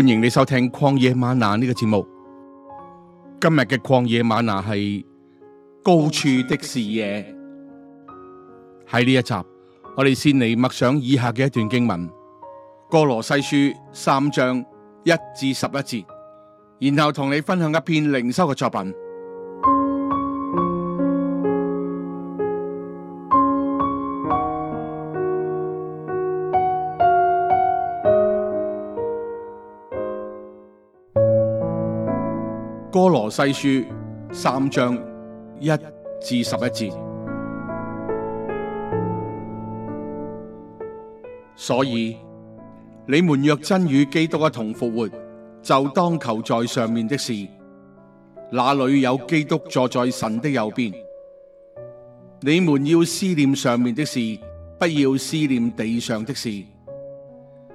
歡迎你收聽曠野嗎哪呢個節目。今日嘅曠野嗎哪係高處的視野。喺呢一集，我哋先嚟默想以下嘅一段經文：歌羅西書三章一至十一節，然後同你分享一篇靈修嘅作品。羅西書三章一至十一節。所以你們若真與基督一同復活，就當求在上面的事。那裡有基督坐在神的右邊。你們要思念上面的事，不要思念地上的事，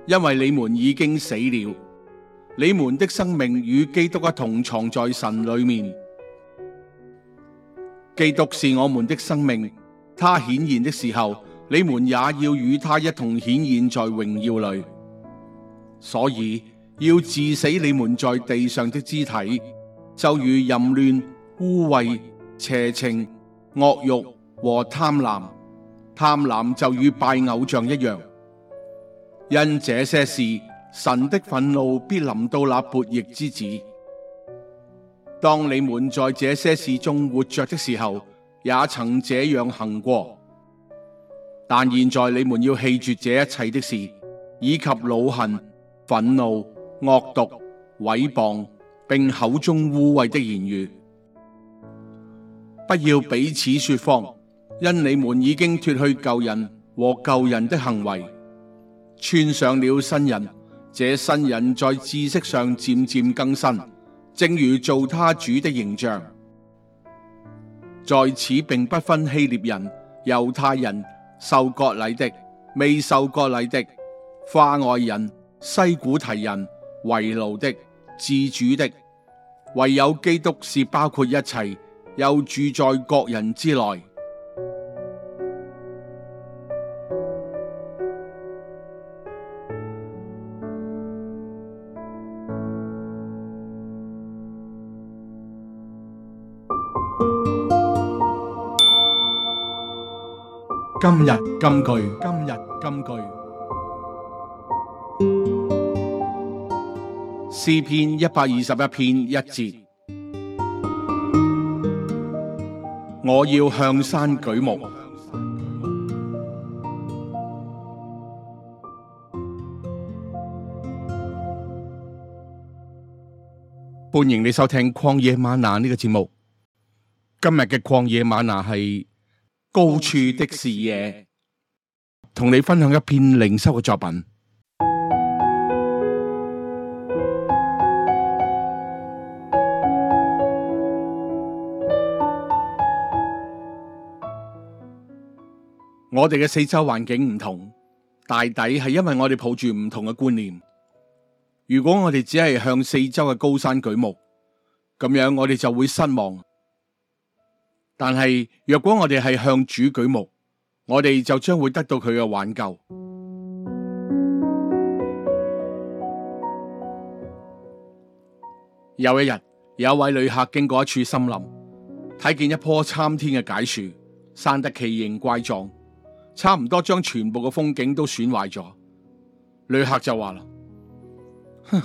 因為你們已經死了。你們的生命與基督一同藏在神裏面。基督是我們的生命，他顯現的時候，你們也要與他一同顯現在榮耀裏。所以要治死你們在地上的肢體，就如淫亂、污穢、邪情、惡慾和貪婪。貪婪就與拜偶像一樣。因這些事，神的憤怒必臨到那悖逆之子。當你們在這些事中活着的時候，也曾這樣行過。但現在你們要棄絕這一切的事，以及惱恨、憤怒、惡毒、毀謗，並口中污穢的言語。不要彼此說謊，因你們已經脫去舊人和舊人的行為，穿上了新人。這新人在知識上漸漸更新，正如造他主的形象。在此，並不分希臘人、猶太人、受割禮的、未受割禮的、化外人、西古提人、為奴的、自主的，唯有基督是包括一切，又住在各人之內。今日金句，今日金句，詩篇一百二十一篇一節，我要向山舉目。歡迎你收聽曠野嗎哪呢個節目。今日嘅曠野嗎哪係，高處的視野，同你分享一篇靈修嘅作品。 我哋嘅四周環境唔同，大抵係因為我哋抱住唔同嘅觀念。如果我哋只係向四周嘅高山舉目，咁樣我哋就會失望。但係，若果我哋係向主舉目，我哋就將會得到佢嘅挽救。 有一日，有一位旅客經過一處森林，睇見一棵參天嘅解樹，生得奇形怪狀，差唔多將全部嘅風景都損壞咗。旅客就話啦：哼，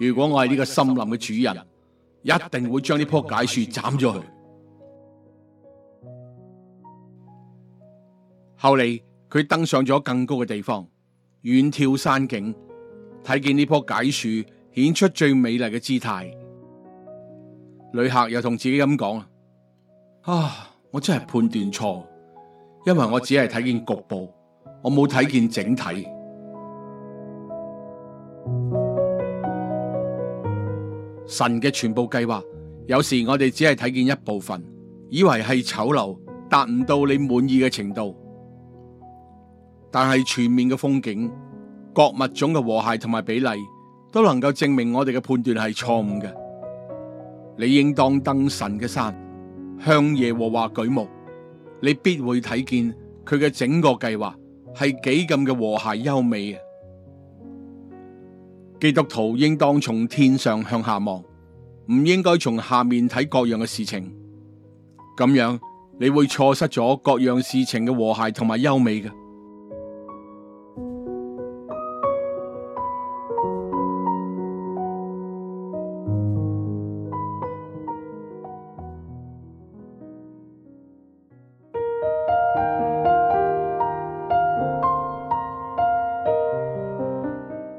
如果我係呢個森林嘅主人，一定會將呢棵解樹斬咗佢。後嚟佢登上咗更高嘅地方，遠眺山景，睇見呢棵解樹顯出最美麗嘅姿態。旅客又同自己咁講啊：啊，我真係判斷錯，因為我只係睇見局部，我冇睇見整體。神嘅全部計劃，有時我哋只係睇見一部分，以為係醜陋，達唔到你滿意嘅程度。但係全面嘅風景，各物種嘅和諧同埋比例都能夠證明我哋嘅判斷係錯誤嘅。你應當登神嘅山，向耶和華舉目，你必會睇見佢嘅整個計劃係幾咁嘅和諧優美啊。基督徒應當從天上向下望，唔應該從下面睇各樣嘅事情。咁樣你會錯失咗各樣事情嘅和諧同埋優美嘅。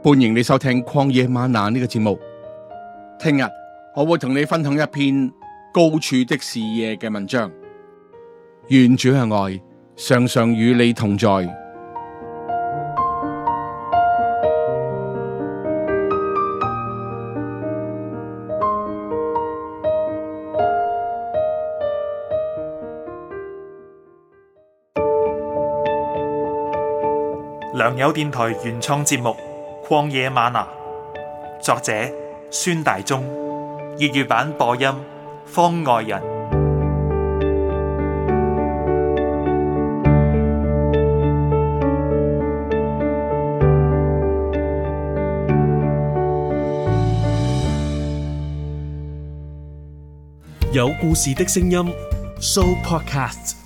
歡迎你收聽曠野嗎哪呢個節目。聽日我會同你分享一篇高處的視野嘅文章。願主嘅愛，常常與你同在。良友電台原創節目。曠野嗎哪，作者孫大中，粵語版播音方外人，有故事的聲音 show podcast。